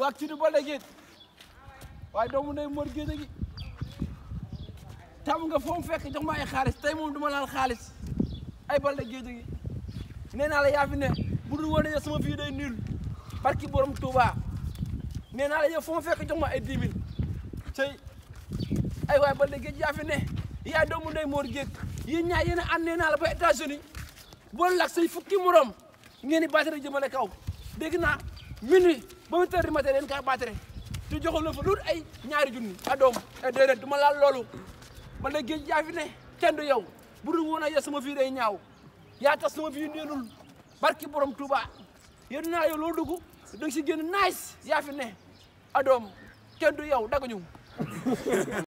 waktude bolé gi way doomu ne mor gueɗe gi tamga fof fekk jox ma ay xaaliss tay mom duma laal xaaliss ay balle géej gi nee naa la yaa fi ne bu du woon sama fi day nul barki borom Touba nee naa la ya foo fekk jox ma ay 10000 tay ay way balle géej yaa fi ne ya doomu ne mor géej yéen ñaa yéen a ànd nee la ba États-Unis lak say fukki morom ngeen ni batere jëmale kaw dégg na minuit ba huit heures du matin leen kaa battre te joxoon na fa loolu ay ñaari junni a doom te déedéet du ma laal loolu man de géej yaa fi ne kenn du yow bu dul a sama fii day ñaaw yaa tas sama fii neenul barki borom Touba yéen naa yow loo dugg da nga si génn nice yaa fi ne du yow dagg ñu